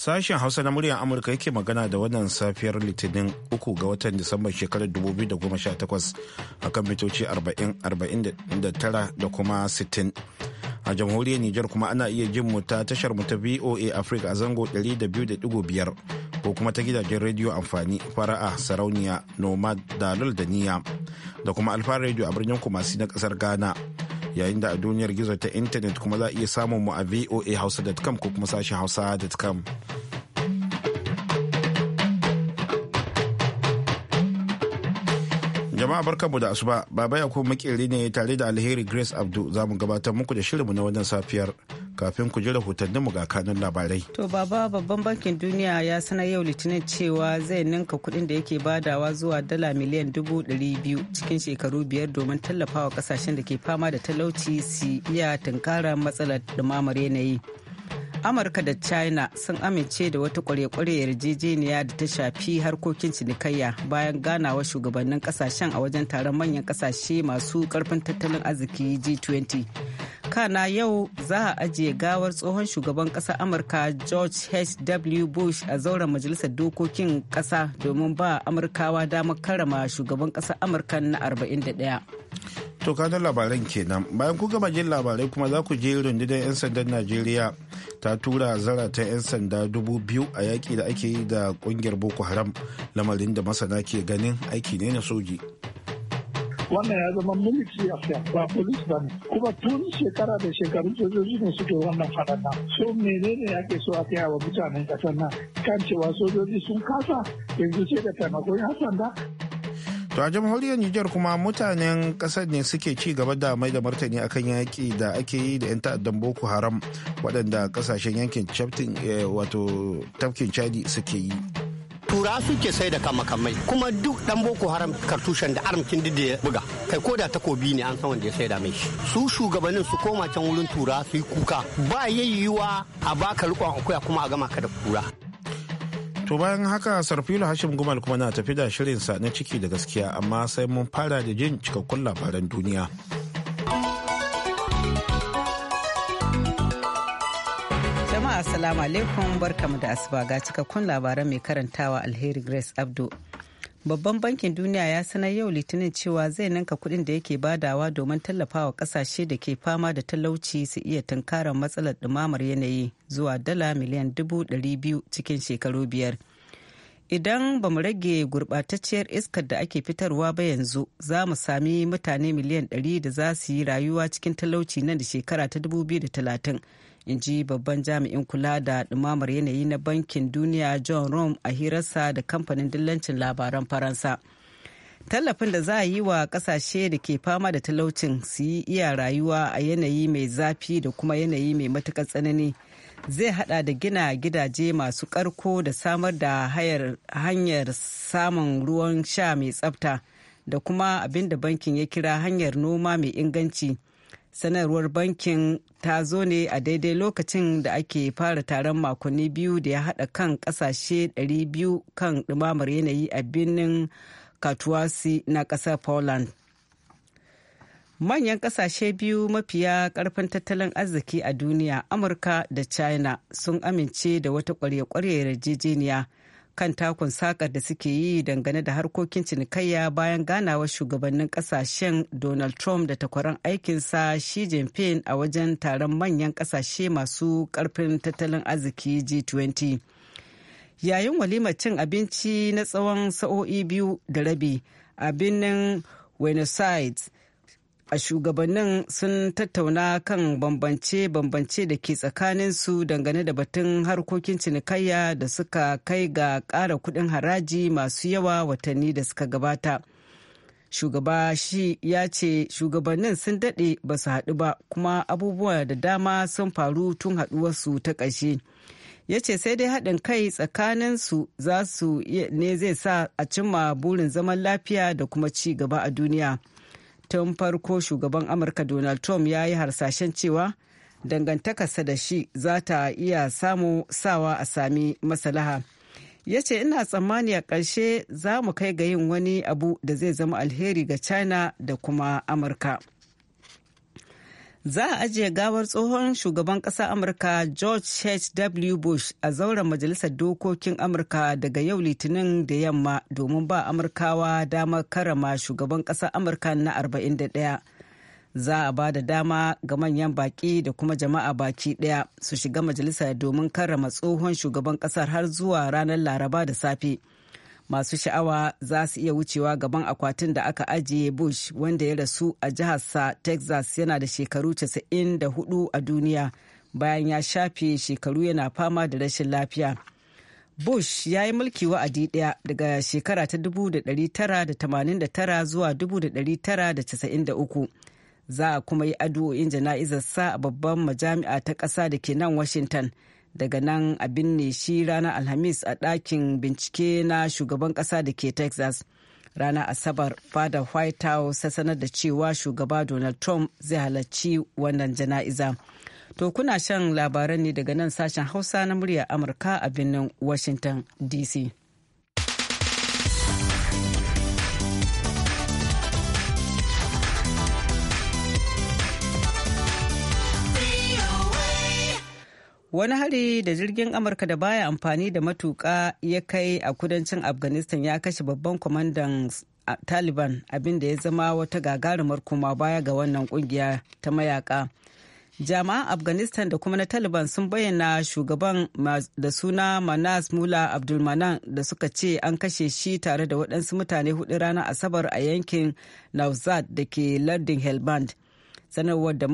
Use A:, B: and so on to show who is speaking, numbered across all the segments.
A: Sashen Hausa na muryar Amurka yake magana da wannan safiyar Litinin uku ga watan Disamba shekarar 2018 a kan mitoci 40-49 da kuma 60. A jamhuriyar Nijar kuma ana iya jin mu ta tashar mu ta VOA Africa a zango 200.5 ko kuma ta gidajen rediyo amfani fara'a sarauniya nomad dalol da niya da kuma alfa rediyo a birnin kumasi na kasar Ghana. yayin da a duniyar gizo ta intanet kuma za a iya samun mu a voa hausa.com ko kuma sashen hausa.com Jama'a barkabu da asuba, Baba ya kuma makeri ne tare da Alheri Grace Abdu za mu gabatar muku da shirinmu na wannan safiyar kafin ku ji rahotannin mu ga kanun labarai.
B: To baba babban bankin duniya ya sanar yau litinin cewa zai ninka kuɗin da yake badawa zuwa dala miliyan dubu ɗari biyu cikin shekaru biyar domin tallafawa kasashen da ke fama da talauci su iya tunkarar matsalar ɗumamar yanayi. amurka da china sun amince da wata kware yarjejeniya da ta shafi harkokin cinikayya bayan ganawa shugabannin kasashen a wajen taron manyan kasashe masu karfin tattalin arziki g20 kana yau za a ajiye gawar tsohon shugaban kasa amurka george h.w bush a zauren majalisar dokokin kasa domin ba amurkawa damar karama shugaban ƙasar amurka na 41
A: To kanin labaran kenan bayan ku gama jin labarai kuma za ku je rundunar 'yan sandan Najeriya ta tura zara ta 'yan sanda dubu biyu a yaƙi da ake yi da ƙungiyar Boko Haram lamarin da masana ke ganin aiki ne na soji.
C: wannan ya zama military affair ba police ba ne kuma tun shekara da shekaru sojoji ne suke wannan faɗan so menene ake so a kai wa mutanen ƙasar nan kan cewa sojoji sun kasa yanzu sai da taimakon 'yan sanda
A: To a jamhuriyar Nijar kuma mutanen kasar ne suke ci gaba da mai da martani akan yaki da ake yi da 'yan ta'addan Boko Haram waɗanda kasashen yankin eh, wato tafkin Chadi suke yi.
D: tura suke sai da kamakamai kuma duk dan boko haram kartushen da armkin da ya buga kai ko da takobi ne an san wanda ya saida mai shi su shugabannin su koma can wurin tura su yi kuka ba yayyuwa a baka rikon akuya kuma a gama ka da kura
A: To bayan haka Sarfilu Hashim Gumal kuma na tafi da shirinsa na ciki da gaskiya amma sai mun fara da jin cikakkun labaran duniya.
B: Jama'a Assalamu alaikum barkamu da asuba ga cikakkun labaran mai karantawa Alheri Grace Abdu. babban bankin duniya ya sanar yau litinin cewa zai ninka kudin da yake badawa domin tallafawa kasashe da ke fama da talauci su iya tunkarar matsalar ɗumamar yanayi zuwa dala miliyan dubu ɗari biyu cikin shekaru biyar idan ba mu rage gurɓatacciyar iskar da ake fitarwa ba yanzu za mu sami mutane miliyan ɗari da za su yi rayuwa cikin talauci nan da shekara ta dubu biyu da talatin in ji babban jami'in kula da ɗumamar yanayi na bankin duniya john rom a hirarsa da kamfanin dillancin labaran faransa tallafin da za a yi wa ƙasashe da ke fama da talaucin su yi iya rayuwa a yanayi mai zafi da kuma yanayi mai matuƙar tsanani zai hada da gina gidaje masu ƙarko da samar da hanyar samun ruwan sha mai tsafta da kuma abin da bankin ya kira hanyar noma mai inganci sanarwar bankin ta zo ne a daidai lokacin da ake fara taron makonni biyu da ya haɗa kan ƙasashe 200 kan ɗumamar yanayi a birnin katuwasi na ƙasar poland manyan ƙasashe biyu mafiya ƙarfin tattalin arziki a duniya amurka da china sun amince da wata ƙwarya-ƙwarya yarjejeniya kan takun sakar da suke yi dangane da harkokin cinikayya bayan ganawar shugabannin kasashen donald trump da takwaran aikinsa shi jinping a wajen taron manyan kasashe masu karfin tattalin arziki g20 yayin walimar cin abinci na tsawon sa'o'i biyu da rabi a birnin buenos a shugabannin sun tattauna kan bambance-bambance da ke tsakaninsu dangane da batun harkokin cinikayya da suka kai ga ƙara kuɗin haraji masu yawa watanni da suka gabata. Shugaba shi ya ce shugabannin sun daɗe ba su haɗu ba kuma abubuwa da dama sun faru tun haɗuwarsu ta ƙarshe. ya ce sai dai haɗin kai tsakaninsu za su ne zai sa a cimma burin zaman lafiya da kuma ci gaba a duniya. tun farko shugaban amurka donald trump ya yi harsashen cewa dangantakarsa da shi za ta iya samu sawa a sami masalaha ya ce ina tsammani a ƙarshe za mu kai ga yin wani abu da zai zama alheri ga china da kuma amurka za a ajiye gawar tsohon shugaban ƙasar amurka george h.w bush a zauren majalisar dokokin amurka daga yau litinin da yamma domin ba amurkawa damar karama shugaban ƙasar amurka na 41 za a ba da dama ga manyan baƙi da kuma jama'a baki ɗaya su shiga majalisa domin karrama tsohon shugaban ƙasar har zuwa ranar laraba da safe masu sha'awa za su iya wucewa gaban akwatin da aka ajiye bush wanda ya rasu a jiharsa texas yana da shekaru 94 a duniya bayan ya shafe shekaru yana fama da rashin lafiya bush ya yi mulki wa'adi ɗaya daga shekara ta 1989 zuwa 1993 za a kuma yi addu'o'in jana'izarsa a babban majami'a ta ƙasa da ke nan washington daga nan a binne shi ranar alhamis a ɗakin bincike na shugaban ƙasa da ke texas ranar asabar fada white house ta sanar da cewa shugaba donald trump zai halarci wannan jana'iza to kuna shan labaran ne daga nan sashen hausa na murya amurka a birnin washington dc wani hari da jirgin amurka da baya amfani da matuka ya kai a kudancin afghanistan ya kashe babban kwamandan taliban abinda ya zama wata gagarumar koma baya ga wannan kungiya ta mayaka Jama'an afghanistan da kuma na taliban sun bayyana shugaban da suna manas mula abdulmanan da suka ce an kashe shi tare da waɗansu mutane hudu ranar asabar a yankin nauzad da ke lardin helband sanarwar da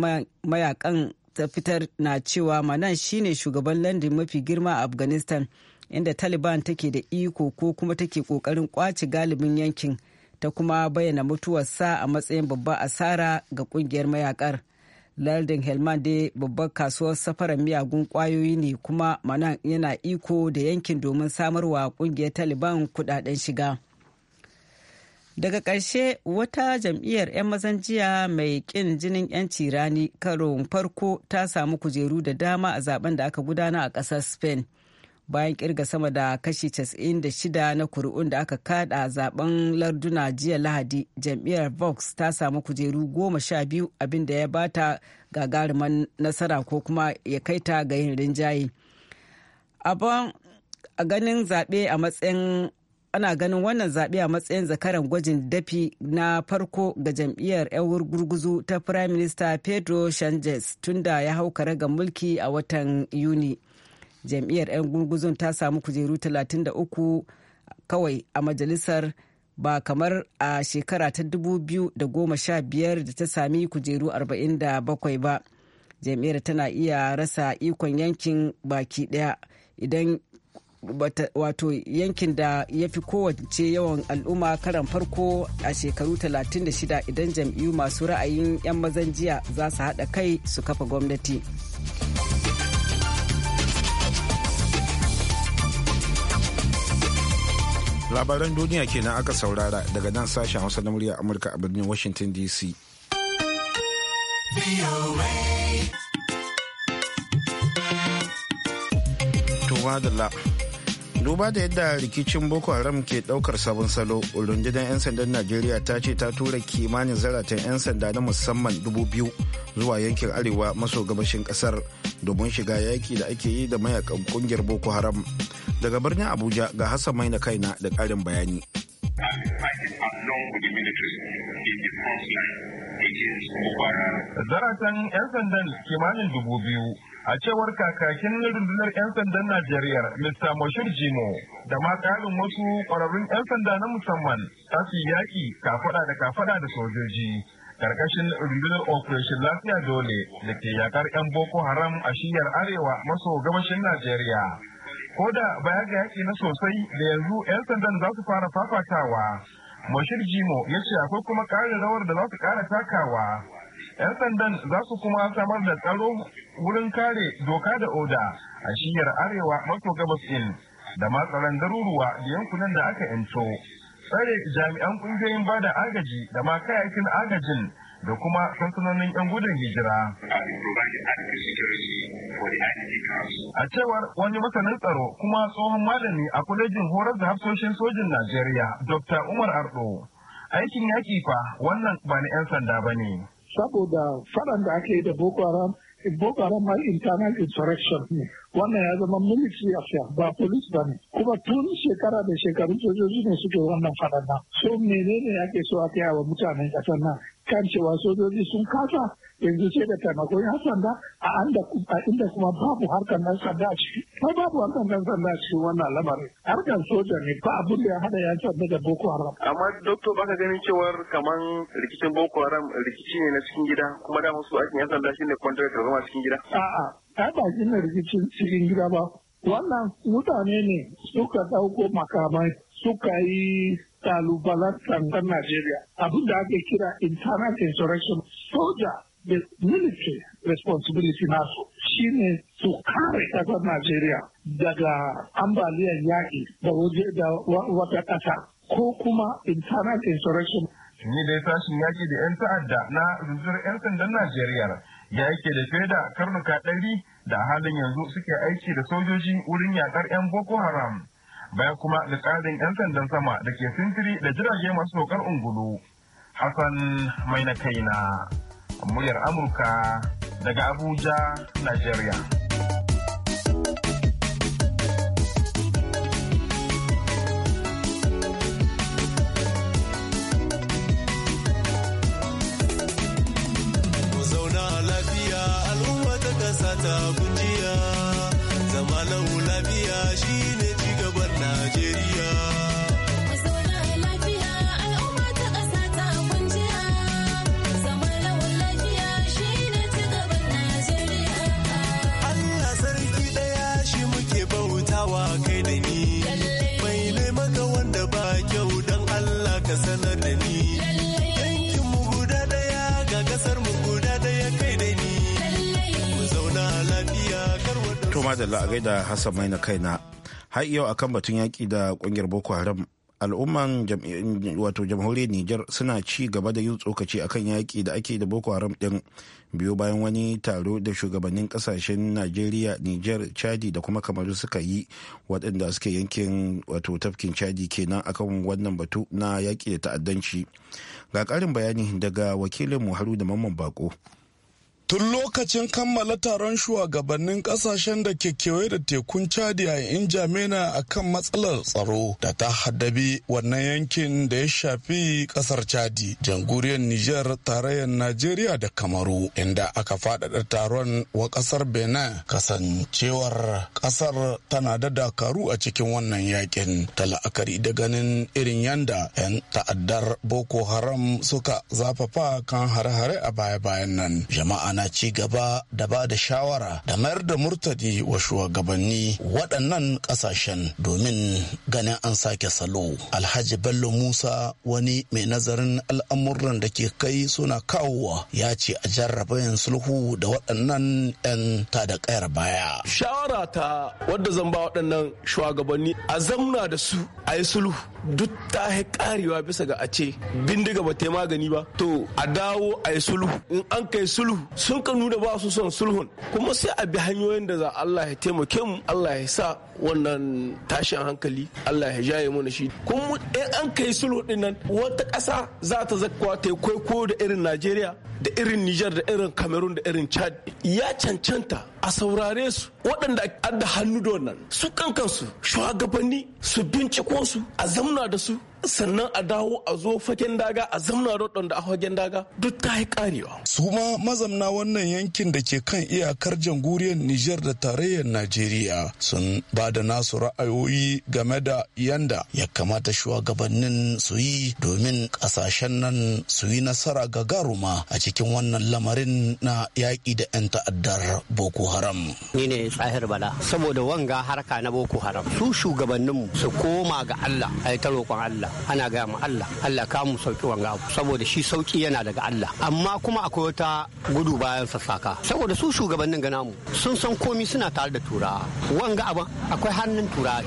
B: mayakan ta fitar na cewa manan shine shugaban landin mafi girma a afghanistan inda taliban take da iko ko kuma take kokarin kwace galibin yankin ta kuma bayyana mutuwarsa a matsayin babban asara ga kungiyar mayakar lardin helman dai babbar kasuwar safarar miyagun kwayoyi ne kuma manan yana iko da yankin domin samarwa kungiyar taliban kudaden shiga daga ƙarshe wata jam'iyyar 'yan mazan jiya mai ƙin jinin 'yanci rani karon farko ta samu kujeru da dama a zaben da aka gudana a ƙasar spain bayan kirga sama da kashi 96 na kuri'un da aka kada zaben larduna jiya lahadi jam'iyyar vox ta samu kujeru goma sha biyu abinda ya bata gagarumar nasara ko kuma ya kai ta ga yin rinjaye a ganin zaɓe a matsayin ana ganin wannan zaɓe a matsayin zakaran gwajin dafi na farko ga jam'iyyar 'yan gurguzu ta prime minister pedro sanchez tunda ya hau ga mulki a watan yuni jam'iyyar 'yan gurguzun ta samu kujeru 33 kawai a majalisar ba kamar a shekara ta 2015 da ta sami kujeru 47 ba jam'iyyar tana iya rasa ikon yankin baki daya idan wato yankin da ya fi kowace yawan al'umma karan farko a shekaru 36 idan jam'iyyu masu ra'ayin 'yan mazan jiya za su haɗa kai su kafa gwamnati.
A: labaran duniya kenan aka saurara daga nan sashen hausa na murya amurka a birnin washington dc to duba da yadda rikicin boko haram ke daukar sabon salo rundunar 'yan sandan najeriya ta ce ta tura kimanin zaratan 'yan sanda na musamman dubu biyu zuwa yankin arewa maso gabashin kasar domin shiga yaki da ake yi da mayakan kungiyar boko haram daga birnin abuja ga hassan na kaina da karin bayani
E: zaratan 'yan sandan kimanin dubu biyu a cewar kakakin rundunar 'yan sandan Najeriya Mr. Moshir Jimo da ma ƙarin wasu ƙwararrun 'yan sanda na musamman za su yaƙi kafaɗa da kafaɗa da sojoji karkashin rundunar operation lafiya dole da ke yaƙar 'yan boko haram a shiyar arewa maso gabashin Najeriya. Ko da baya ga yaƙi na sosai da yanzu 'yan sandan za su fara fafatawa. Moshir Jimo ya ce akwai kuma ƙarin rawar da za su ƙara takawa 'yan sandan za su kuma samar da tsaro wurin kare doka da oda a shiyar arewa maso gabas din da matsalan garuruwa da yankunan da aka yanto tsare jami'an kungiyoyin ba da agaji da ma kayakin agajin da kuma sansanonin 'yan gudun hijira. A cewar wani masanin tsaro kuma tsohon malami a kwalejin horar da hafsoshin sojin Najeriya, Dr. Umar Ardo, aikin yaki fa wannan ba na 'yan sanda ba ne.
C: saboda faɗan da ake yi da Boko Haram Boko Haram ma internal insurrection ne wannan ya zama military affair ba police ba ne kuma tun shekara da shekaru sojoji ne suke wannan faɗan nan so menene ake so a kai wa mutanen ƙasar nan kan cewa sojoji sun kasa yanzu sai da taimakon yan sanda a inda kuma babu harkar nan sanda ciki ba babu harkar nan sanda cikin wannan lamarin harkar soja ne ba abin da ya hada yan sanda da boko haram
E: amma doktor baka ganin cewar kaman rikicin boko haram rikici ne na cikin gida kuma da musu aikin yan sanda shine kwantar da zama cikin gida
C: a'a ta ba ne rikicin cikin gida ba wannan mutane ne suka dauko makamai suka yi kalubalantar ta Najeriya abin da ake kira internal insurrection soja da military responsibility nasu shine su kare kasar Najeriya daga ambaliyar yaƙi da waje da wata ƙasa ko kuma
E: internal insurrection Ni dai sashin yaƙi da 'yan ta'adda na rundunar 'yan sandan Najeriya ya yake da fiye da karnuka ɗari da halin yanzu suke aiki da sojoji wurin yaƙar 'yan Boko Haram. baya kuma da ƙarin 'yan sandan sama da ke sintiri da jirage masu saukar ungulu. Hassan mai na kaina, muryar Amurka daga Abuja, Najeriya.
A: da a gaida hassan mai na kaina har yau akan batun yaƙi da ƙungiyar boko haram al'umman wato jamhuriyar niger suna ci gaba da yin tsokaci akan yaƙi da ake da boko haram ɗin biyo bayan wani taro da shugabannin ƙasashen najeriya niger chadi da kuma kamaru suka yi waɗanda suke yankin wato tafkin chadi kenan akan wannan batu na yaƙi da ta'addanci ga ƙarin bayani daga wakilin mu da mamman bako tun lokacin kammala taron shugabannin
F: kasashen da ke kewaye da tekun chadi a injamena a kan matsalar tsaro da ta haddabi wannan yankin da ya shafi kasar chadi jamhuriyar niger tarayyar najeriya da kamaru inda aka faɗaɗa taron wa kasar benin kasancewar kasar tana da dakaru a cikin wannan yakin ta la'akari da ganin irin yanda 'yan ta'addar boko haram suka zafafa kan hare-hare a baya-bayan nan jama'a na ci gaba da ba da shawara da mayar da murtadi wa shugabanni waɗannan ƙasashen domin ganin an sake salo. Alhaji Bello Musa wani mai nazarin al'amuran da ke kai suna kawowa ya ce a jarraba yin sulhu da waɗannan 'yan ta da ƙayar baya. Shawara ta wadda zan ba waɗannan shugabanni a zamna da su a yi sulhu duk ta karewa bisa ga a ce bindiga ba ta magani ba to a dawo a yi sulhu in an ka yi sulhu sun kanu da ba su son sulhun kuma sai a bi hanyoyin da za Allah ya taimake mu Allah ya sa wannan tashin hankali Allah ya jaye mana shi kuma in an kai sulhu din nan wata ƙasa za ta zakwa ta ko da irin Najeriya da irin Nijar da irin Cameroon da irin Chad ya cancanta a saurare su waɗanda adda hannu da wannan su kankansu shugabanni su binciko su a zamna da su sannan a dawo a zo fagen daga a zamna roɗon da a fagen daga duk ta yi karewa. su ma mazamna wannan yankin da ke kan iyakar jamhuriyar niger da tarayyar najeriya sun ba da nasu ra'ayoyi game da yanda ya kamata shugabannin su yi domin ƙasashen nan su yi nasara gagaruma a cikin wannan lamarin na yaƙi da 'yan ta'addar boko haram
D: ni ne tsahir bala saboda wanga harka na boko haram su shugabanninmu su koma ga allah a ta roƙon allah ana gaya ma Allah Allah ka mu sauki wanga saboda shi sauki yana daga Allah amma kuma akwai wata gudu bayan sassaka saboda su shugabannin ga namu sun san komi suna tare da tura wanga akwai hannun tura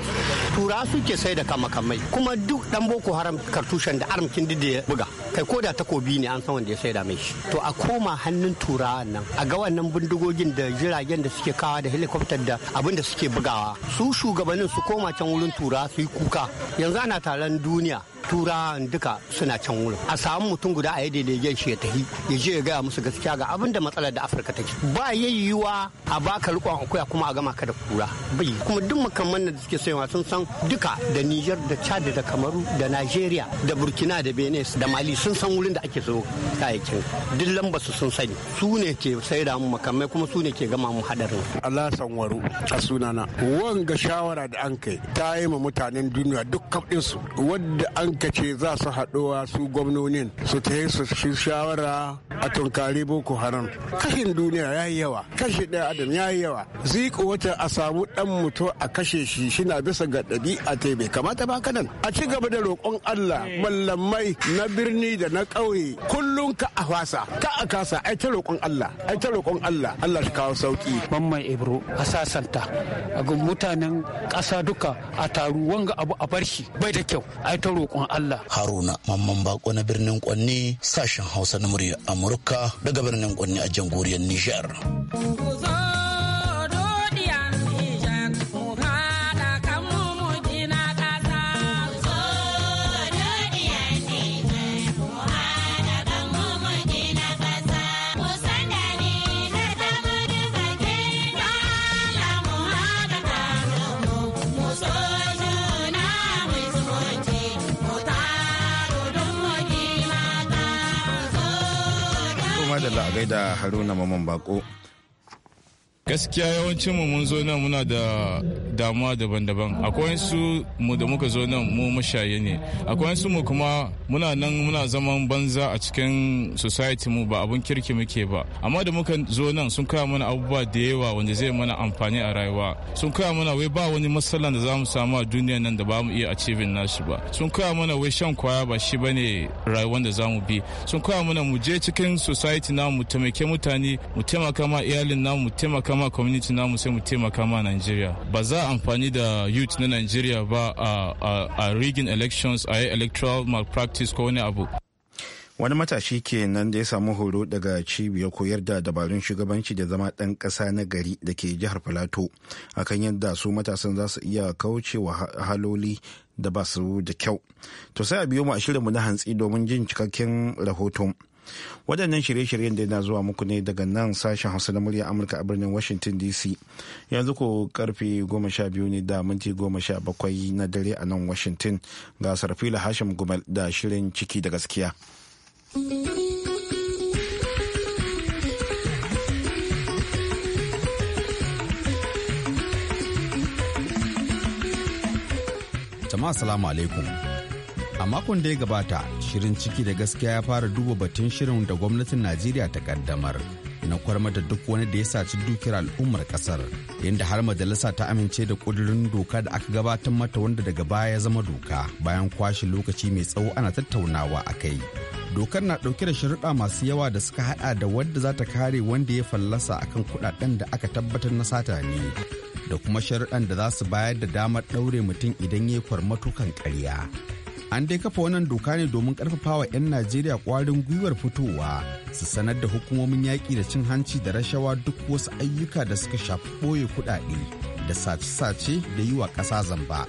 D: tura suke sai da kamakamai kuma duk dan boko haram kartushen da armkin da ya buga kai ko da takobi ne an san wanda ya sai da mai shi to a koma hannun turawa nan a ga wannan bindigogin da jiragen da suke kawa da helicopter da abinda suke bugawa su shugabannin su koma can wurin tura su yi kuka yanzu ana taron duniya 있습니다. Tura duka suna can wurin a samu mutum guda a yi delegation shi ya tafi ya je ya gaya musu gaskiya ga abin da matsalar da afirka ke. ba ya yiwuwa a baka rikon akuya kuma a gama ka da kura bai kuma duk makamman da suke sayawa sun san duka da niger da chad da kamaru da nigeria da burkina da benin da mali sun san wurin da ake so kayayyakin duk lamba su sun sani su ne ke sai da mu makamai kuma su ne ke gama mu hadarin Allah sanwaru a sunana wanga shawara da an kai ta yi ma mutanen duniya duk
F: kafin wadda an suka ce za su haɗuwa su gwamnonin su ta su shawara a tunkari boko haram kashin duniya ya yi yawa kashi ɗaya adam ya yi yawa ziko wata a samu ɗan mutum a kashe shi shina bisa ga a ta bai kamata ba kanan a ci gaba da roƙon allah mallamai na birni da na ƙauye kullum ka a fasa ka a kasa ai ta roƙon allah ai ta roƙon allah allah shi kawo sauki mamman ibro a sasanta a mutanen ƙasa duka a taru wanga abu a bar shi bai da kyau ai ta roƙon roƙon Allah. Haruna Mamman Bako na birnin Kwanni sashen Hausa na murya Amurka daga birnin Kwanni a jamhuriyar Nijar.
A: za a gaida haruna maman bako gaskiya yawancin
F: mu mun zo nan muna da damuwa daban-daban akwai su mu da muka zo nan mu mashaye ne akwai su mu kuma muna nan muna zaman banza a cikin society mu ba abun kirki muke ba amma da muka zo nan sun kawo mana abubuwa da yawa wanda zai mana amfani a rayuwa sun kawo mana wai ba wani matsalan da za mu samu a duniya nan da ba mu iya achieving nashi ba sun kawo mana wai shan kwaya ba shi bane rayuwar da za mu bi sun kawo mana mu je cikin society na mu taimake mutane mu taimaka ma iyalin na mu taimaka ma community namu sai mu taimaka ma Nigeria ba za amfani da youth na Nigeria ba a rigging elections a electoral malpractice ko wani abu
A: wani matashi nan da ya samu horo daga cibiyar koyar da dabarun shugabanci da zama ɗan ƙasa na gari da ke jihar filato akan yadda su matasan za su iya kauce wa haloli da ba su da kyau to sai a biyo mu a shirinmu na hantsi domin jin cikakken rahoton waɗannan shirye-shiryen da yana zuwa muku ne daga nan sashen hausa na murya amurka a birnin washington dc yanzu ko karfe 12 ne da minti 17 na dare a nan washington ga sarfila hashim gumal da shirin ciki da gaskiya
G: jama'a salamu alaikum A makon da ya gabata, shirin ciki da gaskiya ya fara duba batun shirin da gwamnatin Najeriya ta kaddamar na kwarmata duk wani da ya saci dukiyar al'ummar kasar, inda har majalisa ta amince da kudurin doka da aka gabatar mata wanda daga baya ya zama doka bayan kwashe lokaci mai tsawo ana tattaunawa a kai. Dokar na ɗauke da sharuɗa masu yawa da suka haɗa da wadda za ta kare wanda ya fallasa akan kuɗaɗen da aka tabbatar na sata ne. da kuma sharuɗan da za su bayar da damar ɗaure mutum idan ya yi kwarmatukan karya. an dai kafa wannan doka ne domin karfafa wa 'yan najeriya kwarin gwiwar fitowa su sanar da hukumomin yaƙi da cin hanci da rashawa duk wasu ayyuka da suka shafi ɓoye kuɗaɗe da sace-sace da yi wa ƙasa zamba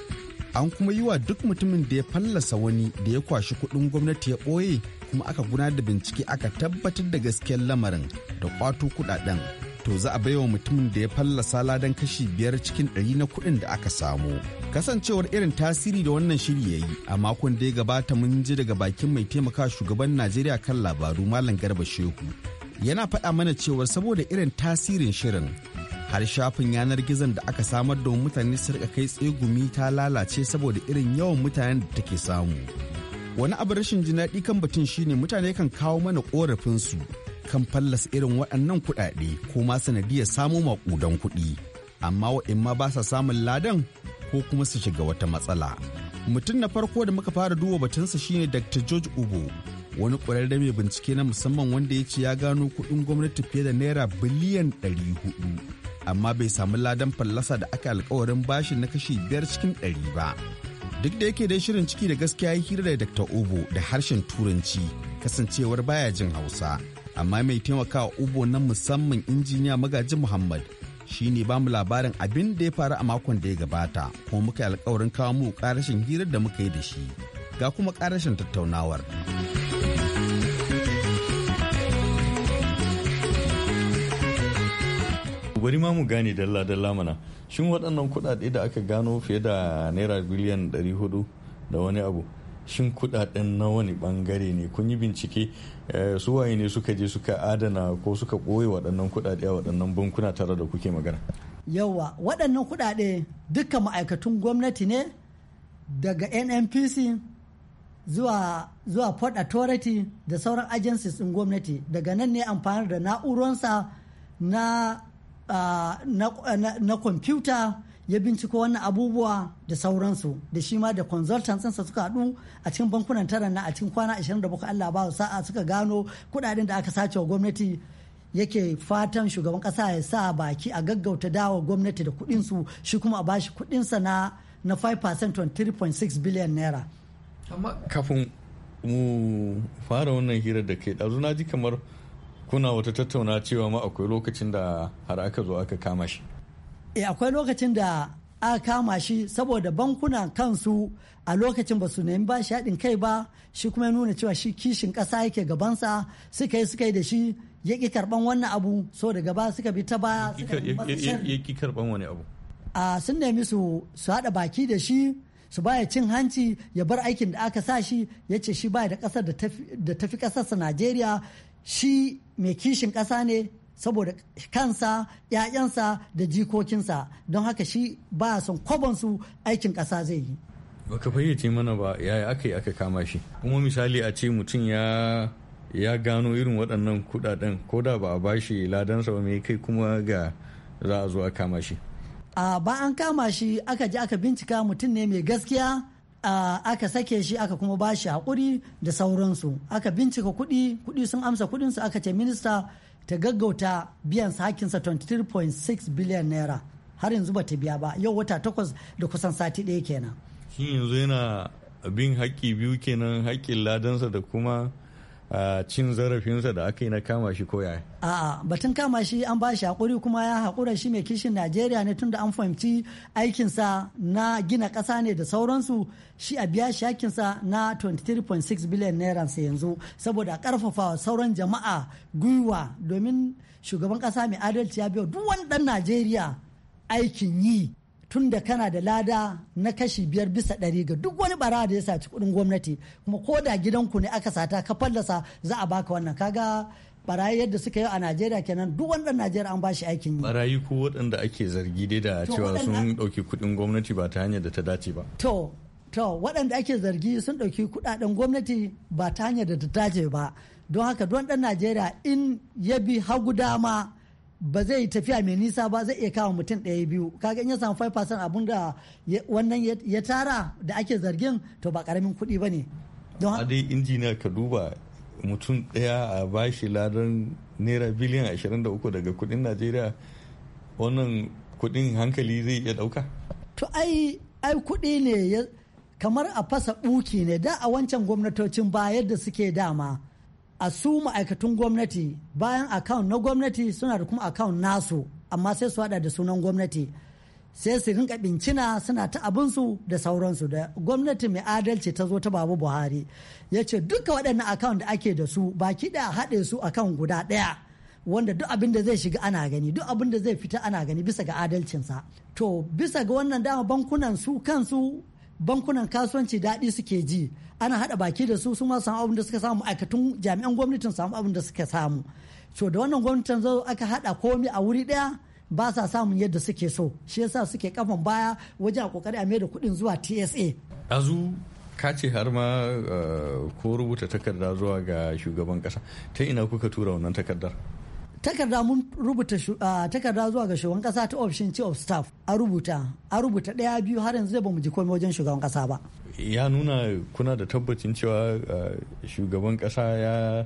G: an kuma yi wa duk mutumin da ya fallasa wani da ya kwashi kuɗin gwamnati ya ɓoye kuma aka gudanar da bincike aka tabbatar da gaskiyar lamarin da kwato kuɗaɗen to za a baiwa mutumin da ya fallasa ladan kashi biyar cikin ɗari na kuɗin da aka samu. Kasancewar irin tasiri da wannan shiri ya yi a makon da ya gabata mun ji daga bakin mai taimaka shugaban Najeriya kan labaru Malam Garba Shehu. Yana faɗa mana cewar saboda irin tasirin shirin har shafin yanar gizon da aka samar da mutane su kai tsegumi ta lalace saboda irin yawan mutanen da take samu. Wani abu rashin jin kan batun shine mutane kan kawo mana ƙorafinsu kan fallasa irin waɗannan kuɗaɗe ko ma sanadiyar samo maƙudan kuɗi amma ma ba sa samun ladan ko kuma su shiga wata matsala mutum na farko da muka fara duba batunsa shine dr george ubo wani ƙwararre mai bincike na musamman wanda ya ce ya gano kuɗin gwamnati fiye da naira biliyan ɗari 400 amma bai samu ladan fallasa da aka alkawarin bashi na kashi biyar cikin ɗari ba duk da yake dai shirin ciki da gaskiya ya hira da dr obo da harshen turanci kasancewar baya jin hausa amma mai taimakawa ubo na musamman injiniya magaji muhammad shi ne bamu labarin abin da ya faru a makon da ya gabata ko muka yi alkawarin kawo mu karashin hirar da muka yi da shi ga kuma karashin tattaunawar
H: bari ma mu gane dalla-dalla mana shin waɗannan kuɗaɗe da aka gano fiye da naira biliyan 400 da wani abu shin kudaden na wani bangare ne kun yi bincike eh, su waye ne suka je suka adana ko suka ɓoye waɗannan kudade a waɗannan bankuna tare da kuke magana
I: yawa waɗannan kudade duka ma'aikatun gwamnati ne daga nnpc zuwa zuwa port authority da sauran agencies din gwamnati daga nan ne amfani da na'uransa na ah, na kwamfuta ya binciko wannan abubuwa da sauransu da shi ma da consultants ɗinsa suka haɗu a cikin bankunan tara na a cikin kwana 27 Allah ba sa'a suka gano kudaden da aka sace wa gwamnati yake fatan shugaban kasa ya sa baki a gaggauta dawo gwamnati da kuɗinsu shi kuma a bashi kuɗinsa na na 5% 3.6 billion naira.
H: amma kafin mu fara wannan hirar da kai ɗazu na ji kamar kuna wata tattauna cewa ma akwai lokacin da har aka zo aka kama shi
I: e akwai lokacin da aka kama shi saboda bankuna kansu a lokacin ba su nemi bashi haɗin kai ba shi kuma ya nuna cewa shi kishin ƙasa yake gabansa suka yi suka yi da shi ya ƙi karɓan wannan abu so da gaba suka bi ta baya ya ƙi
H: karɓan wani abu
I: a ah, sun nemi su su haɗa baki da shi su baya cin hanci ya bar aikin da aka sa shi ya ce shi baya da ƙasar da tafi ƙasarsa najeriya shi mai kishin ƙasa ne saboda kansa ‘ya'yansa da jikokinsa don haka shi ba son su aikin kasa zai yi
H: baka fayyace mana ba yaya aka yi aka kama shi kuma misali a ce mutum ya gano irin waɗannan kuɗaɗen ko da ba a bashi ladansa ba mai kai kuma ga za a zo a kama shi
I: a ba an kama shi aka ji aka bincika mutum ne mai gaskiya aka sake shi aka kuma ba shi haƙuri da sauransu aka bincika kuɗi kuɗi sun amsa kuɗinsu aka ce minista ta gaggauta biyan hakinsa 23.6 biliyan naira har yanzu ba ta biya ba yau wata takwas da kusan sati ɗaya kenan.
H: Shin yanzu yana bin haƙƙi biyu kenan haƙƙin ladansa da kuma cin zarafinsa da aka yi na kama shi ko yaya
I: a'a batun kama shi an ba shi hakuri kuma ya hakura shi mai kishin najeriya ne tunda an fahimci aikinsa na gina ƙasa ne da sauransu shi a biya shi hakinsa na 23.6 biliyan naira yanzu saboda ƙarfafa sauran jama'a gwiwa domin shugaban ƙasa mai adalci ya biya duk wani ɗan najeriya aikin yi tun da kana da lada na kashi biyar bisa ɗari ga duk wani bara da ya saci kuɗin gwamnati kuma ko da gidanku ne aka sata ka fallasa za a baka wannan kaga barayi yadda suka yi a najeriya kenan duk wanda najeriya an bashi aikin yi
H: barayi ko waɗanda ake zargi dai da cewa sun ɗauki kuɗin gwamnati ba ta hanyar da ta dace ba
I: to to waɗanda ake zargi sun ɗauki kuɗaɗen gwamnati ba ta hanyar da ta dace ba don haka don ɗan najeriya in ya bi hagu dama ba zai tafiya mai nisa ba zai iya kawo mutum ɗaya biyu kaga in ya samu 5% abun da wannan ya tara da ake zargin to ba karamin kuɗi ba ne
H: a dai injiniya ka duba mutum ɗaya a bashi ladan naira biliyan 23 daga kuɗin najeriya wannan kuɗin hankali zai iya ɗauka
I: to ai ai kuɗi ne kamar a fasa ɓuki ne da a wancan gwamnatocin ba yadda suke dama a su ma'aikatun gwamnati bayan account na gwamnati suna da kuma account nasu amma sai su hada da sunan gwamnati sai su rinka bincina suna ta abinsu da sauransu da gwamnati mai adalci ta zo ta babu buhari ya ce duka waɗannan account da ake da su baki da haɗe su akan guda ɗaya wanda duk abin da zai shiga ana gani duk abin da zai fita ana gani bisa ga adalcinsa to bisa ga wannan dama bankunan su kansu bankunan kasuwanci daɗi suke ji ana haɗa baki da su su ma samu abin da suka samu aikatun jami'an gwamnatin samu abin da suka samu to da wannan gwamnatin zo aka haɗa komi a wuri ɗaya ba sa samun yadda suke so shi yasa suke kafan baya wajen kokari a da kuɗin zuwa tsa
H: azu ka ce har ma eh, ko rubuta takarda zuwa ga shugaban ƙasa ta ina kuka tura wannan takardar
I: takarda mun rubuta takarda zuwa ga shugaban kasa ta ofishin chief of staff a rubuta a rubuta daya biyu har yanzu ba mu ji komai wajen shugaban kasa ba
H: ya nuna kuna da tabbacin cewa shugaban kasa ya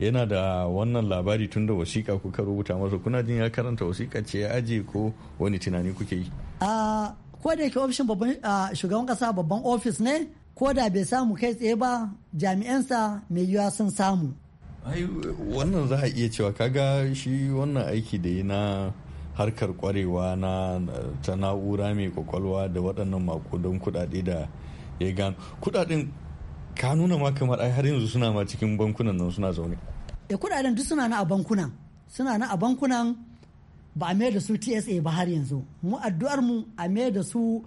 H: yana da wannan labari tunda wasiƙa wasiƙa kuka rubuta masa kuna jin ya karanta wasiƙa ce ya aje ko wani tunani
I: kuke yi a ko da yake ofishin babban shugaban kasa babban ofis ne ko da bai samu kai tsaye ba jami'ansa mai yiwuwa sun samu
H: ai wannan za a iya cewa kaga shi wannan aiki da yi na harkar kwarewa na ta na'ura mai kwakwalwa da waɗannan makudan kuɗaɗe da ya gano kudaden ka nuna ma kamar ai har yanzu suna ma cikin bankunan nan suna zaune
I: da kuɗaɗen duk suna na a bankunan suna na a bankunan ba a mayar da su tsa ba har yanzu mu addu'ar mu a mayar da su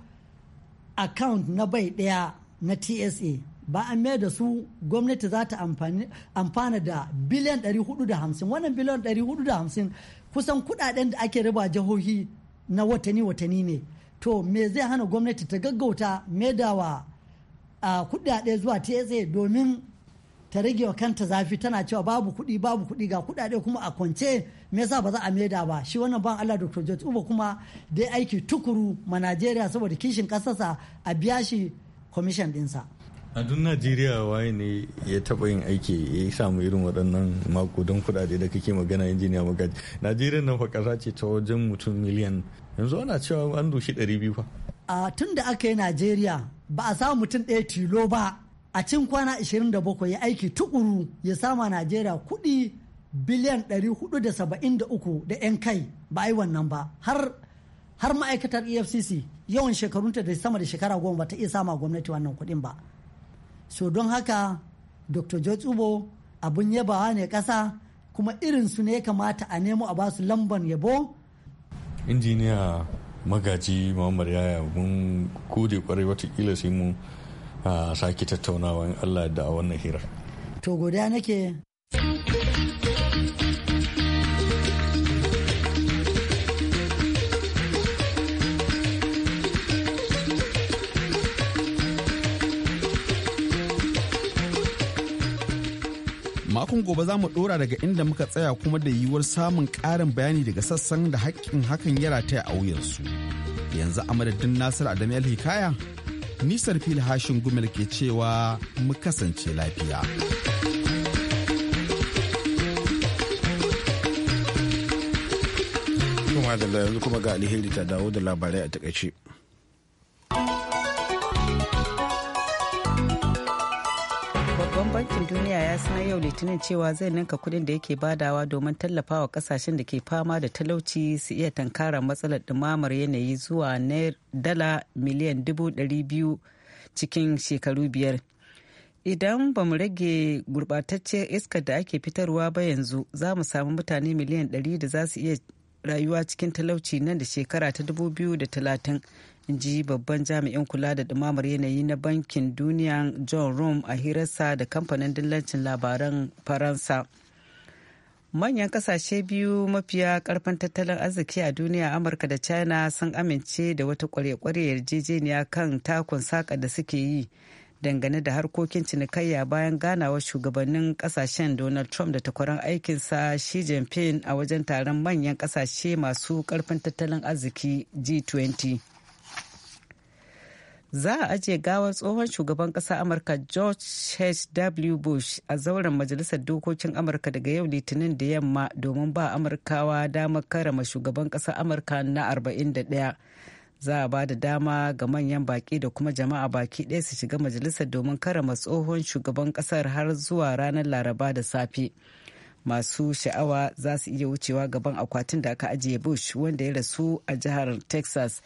I: account na bai daya na tsa ba an mai da su gwamnati za ta amfana da biliyan 450 wannan biliyan 450 kusan kudaden da ake riba jihohi na watanni-watanni ne to me zai hana gwamnati ta gaggauta maidawa a kudade zuwa tsa domin ta rage wa kanta zafi tana cewa babu kuɗi babu kuɗi ga kuɗaɗe kuma a kwance me yasa ba za a maida ba shi wannan ban Allah Dr. George Uba kuma dai aiki tukuru ma Najeriya saboda kishin ƙasarsa a biya shi commission ɗinsa.
H: a duk najeriya waye ne ya taba yin aiki ya samu irin waɗannan makudan kuɗaɗe da kake magana injiniya magaji najeriya nan fa ce ta wajen mutum miliyan yanzu ana cewa an doshi ɗari biyu fa
I: a tun da aka yi najeriya ba a samu mutum ɗaya tilo ba a cin kwana 27 ya aiki tukuru ya sama najeriya kuɗi biliyan 473 da 'yan kai ba a yi wannan ba har har ma'aikatar efcc yawan shekarunta da sama da shekara goma ba ta iya sama gwamnati wannan kuɗin ba so don haka dr george ubo abun yabawa ne ƙasa kuma irin su ne ya kamata a nemo a basu lamban yabo
H: injiniya magaji muhammad yaya mun gode kwarai watakila sai mu ah, sake tattaunawa in allah da wannan hirar
I: to godiya nake
G: makon gobe za mu dora daga inda muka tsaya kuma da yiwuwar samun ƙarin bayani daga sassan da haƙƙin hakan ya rataya a wuyansu. Yanzu a madadin Nasir Adam Hikaya, nisar fil hashin gumel ke
A: cewa mu kasance lafiya. Kuma da yanzu kuma ga alheri ta dawo da labarai a takaice.
B: na yau litinin cewa zai ninka kudin da yake badawa domin tallafawa kasashen da ke fama da talauci su iya tankara matsalar dumamar yanayi zuwa na dala miliyan dubu biyu cikin shekaru biyar idan ba mu rage gurɓatacciyar iskar da ake fitarwa ba yanzu za mu samu mutane miliyan ɗari da za su iya rayuwa cikin talauci nan da shekara ta dubu da talatin. in ji babban jami'in kula da ɗumamar yanayi na bankin duniya john rom a hirarsa da kamfanin dillancin labaran faransa manyan kasashe biyu mafiya karfin tattalin arziki a duniya amurka da china sun amince da wata kware-kware yarjejeniya kan takun saka da suke yi dangane da harkokin cinikayya bayan ganawar shugabannin kasashen donald trump da takwaran aikinsa shi jinping a wajen taron manyan kasashe masu karfin tattalin arziki g20 za a ajiye gawar tsohon shugaban ƙasa amurka george h.w bush a zauren majalisar dokokin amurka daga yau litinin da yamma domin ba amurkawa damar karama shugaban ƙasa amurka na 41 za a ba da dama ga manyan baki da kuma jama'a baki ɗaya su shiga majalisar domin karama tsohon shugaban ƙasar har zuwa ranar laraba da safe. masu sha'awa za su iya wucewa gaban akwatin da aka ajiye bush wanda ya rasu a jihar texas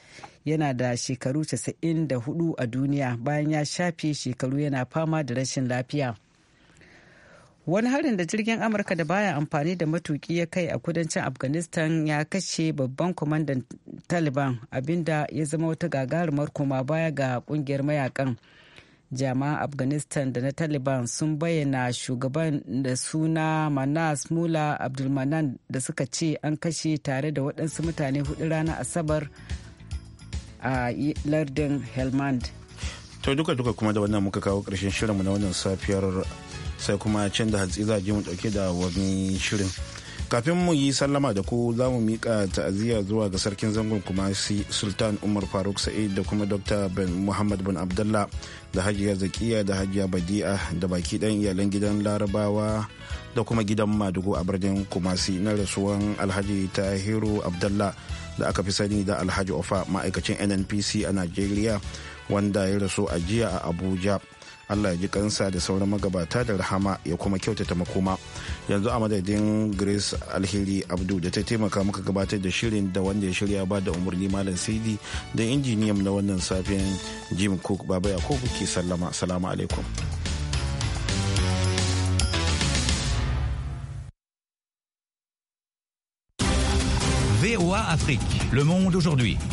B: yana da shekaru 94 a duniya bayan ya shafe shekaru yana fama da rashin lafiya wani harin da jirgin amurka da baya amfani da matuki ya kai a kudancin afghanistan ya kashe babban kwamandan taliban abinda ya zama wata gagarumar koma baya ga kungiyar mayakan jama'a afghanistan da na taliban sun bayyana shugaban da suna manas mula abdulmanan da suka ce an kashe tare da waɗansu mutane hudu ranar asabar a lardin helmand
A: to duka duka kuma da wannan muka kawo ƙarshen shirinmu na wannan safiyar sai kuma can da hatsi za a mu dauke da wani shirin kafin mu yi sallama da ku za mu miƙa ta'aziyya zuwa ga sarkin zangon kuma sultan umar faruk sa'id da kuma dr ben muhammad bin abdullah da hajiya zakiya da hajiya badi'a da baki ɗan iyalan gidan larabawa da kuma gidan madugu a birnin kumasi na rasuwan alhaji tahiru abdullah da aka fi sani da alhaji ofa ma'aikacin nnpc a nigeria wanda ya rasu a jiya a abuja allah ya ji kansa da sauran magabata da rahama ya kuma kyautata makoma yanzu a madadin grace alheri abdu da ta taimaka muka gabatar da shirin da wanda ya shirya ba da umarni malam sidi da injiniyan na wannan safiyan jim cook baba yakubu ke sallama salamu alaikum
H: VOA Afrique, le monde aujourd'hui.